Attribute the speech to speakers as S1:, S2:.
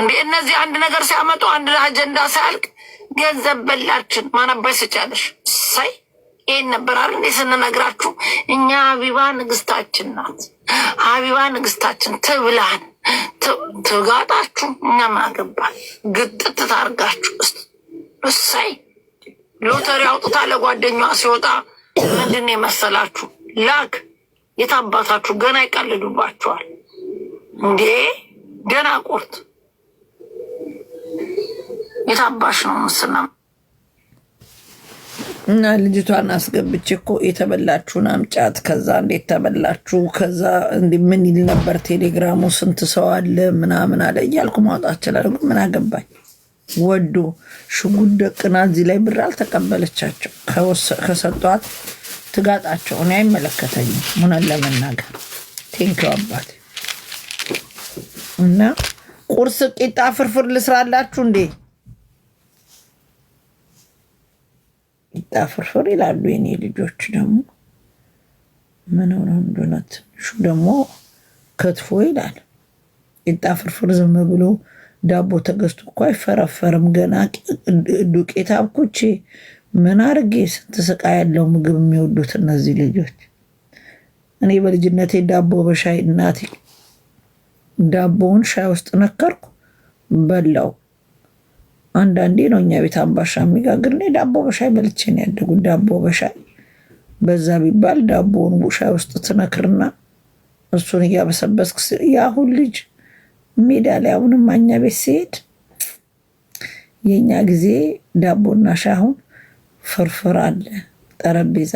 S1: እንዴ እነዚህ አንድ ነገር ሲያመጡ አንድ አጀንዳ ሲያልቅ ገንዘብ በላችን ማናባይ ስጫለሽ ሳይ ይህን ነበር አይደል እንዴ ስንነግራችሁ እኛ ሀቢባ ንግስታችን ናት። ሀቢባ ንግስታችን ትብላን ትጋጣችሁ እኛ ማገባል ግጥት ታርጋችሁ እሳይ ሎተሪ አውጥታ ለጓደኛዋ ሲወጣ ምንድን የመሰላችሁ ላክ የታባታችሁ ገና ይቀልዱባችኋል እንዴ ገና ቁርት የታባሽ ነው ሙስና
S2: እና ልጅቷን አስገብቼ እኮ የተበላችሁን አምጫት። ከዛ እንዴት ተበላችሁ? ከዛ ምን ይል ነበር ቴሌግራሙ? ስንት ሰው አለ ምናምን አለ እያልኩ ማውጣት ይችላል። ግን ምን አገባኝ? ወዶ ሽጉድ ደቅና እዚህ ላይ ብር አልተቀበለቻቸው። ከሰጧት ትጋጣቸው። እኔ አይመለከተኝም። ሙነን ለመናገር ቴንኪው አባት እና ቁርስ ቂጣ ፍርፍር ልስራላችሁ እንዴ? ቂጣ ፍርፍር ይላሉ የኔ ልጆች። ደግሞ ምን ሆነው እንደሆነ ትንሹ ደግሞ ክትፎ ይላል። ቂጣ ፍርፍር ዝም ብሎ ዳቦ ተገዝቶ እኮ አይፈረፈርም። ገና ዱቄት አብኩቼ ምን አርጌ ስንት ስቃ ያለው ምግብ የሚወዱት እነዚህ ልጆች። እኔ በልጅነቴ ዳቦ በሻይ እናቴ ዳቦውን ሻይ ውስጥ ነከርኩ በላው። አንዳንዴ ነው እኛ ቤት አምባሻ የሚጋግር። እኔ ዳቦ በሻይ በልቼ ነው ያደጉት። ዳቦ በሻይ በዛ ቢባል ዳቦውን ሻይ ውስጥ ትነክርና እሱን እያበሰበስክ የአሁን ልጅ ሜዳ ላይ አሁንም ማኛ ቤት ሲሄድ የእኛ ጊዜ ዳቦና ሻይ አሁን ፍርፍር አለ ጠረጴዛ